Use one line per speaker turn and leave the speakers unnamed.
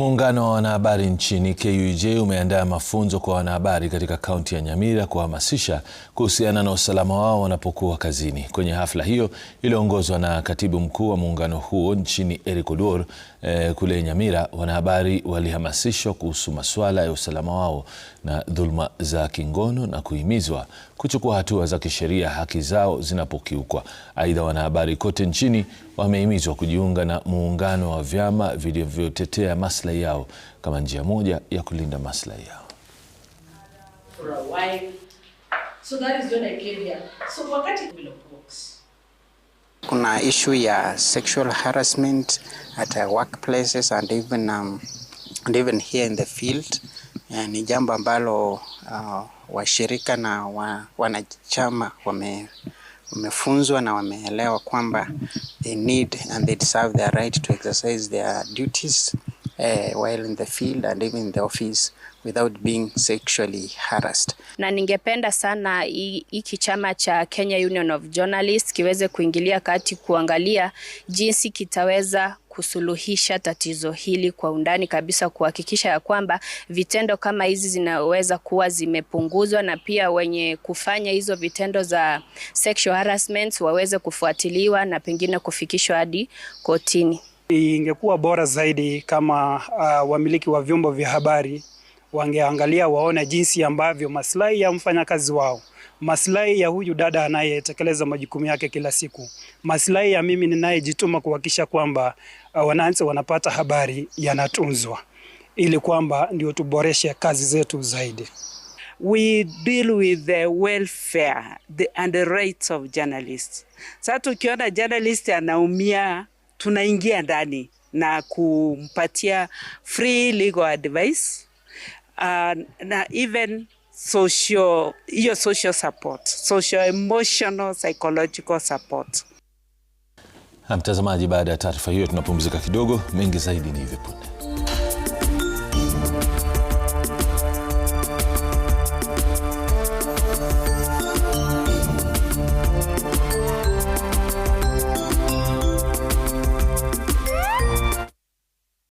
Muungano wa wanahabari nchini KUJ umeandaa mafunzo kwa wanahabari katika kaunti ya Nyamira kuhamasisha kuhusiana na usalama wao wanapokuwa kazini. Kwenye hafla hiyo iliyoongozwa na katibu mkuu wa muungano huo nchini Eric Oduor eh, kule Nyamira, wanahabari walihamasishwa kuhusu masuala ya usalama wao na dhuluma za kingono na kuhimizwa kuchukua hatua za kisheria haki zao zinapokiukwa. Aidha, wanahabari kote nchini wamehimizwa kujiunga na muungano wa vyama vilivyotetea maslahi maslahi yao kama njia moja ya kulinda maslahi yao.
Kuna ishu ya sexual harassment at uh, workplaces and even, um, and even here in the field ni jambo ambalo uh, washirika na wa, wanachama wame wamefunzwa na wameelewa kwamba they need and they deserve their right to exercise their duties uh, while in the field and even in the office without being sexually harassed.
Na ningependa sana hiki chama cha Kenya Union of Journalists kiweze kuingilia kati kuangalia jinsi kitaweza kusuluhisha tatizo hili kwa undani kabisa, kuhakikisha ya kwamba vitendo kama hizi zinaweza kuwa zimepunguzwa, na pia wenye kufanya hizo vitendo za sexual harassment waweze kufuatiliwa na pengine kufikishwa hadi kotini.
Ingekuwa bora zaidi kama uh, wamiliki wa vyombo vya habari wangeangalia waone jinsi ambavyo maslahi ya mfanyakazi wao, maslahi ya huyu dada anayetekeleza majukumu yake kila siku, maslahi ya mimi ninayejituma kuhakikisha kwamba uh, wananchi wanapata habari yanatunzwa, ili kwamba ndio tuboreshe kazi zetu zaidi.
We deal with the welfare the, and the rights of journalists. Sasa tukiona journalist anaumia tunaingia ndani na kumpatia free legal advice uh, na even social hiyo social support, social emotional psychological support.
Mtazamaji, baada ya taarifa hiyo tunapumzika kidogo, mengi zaidi ni hivyo punde.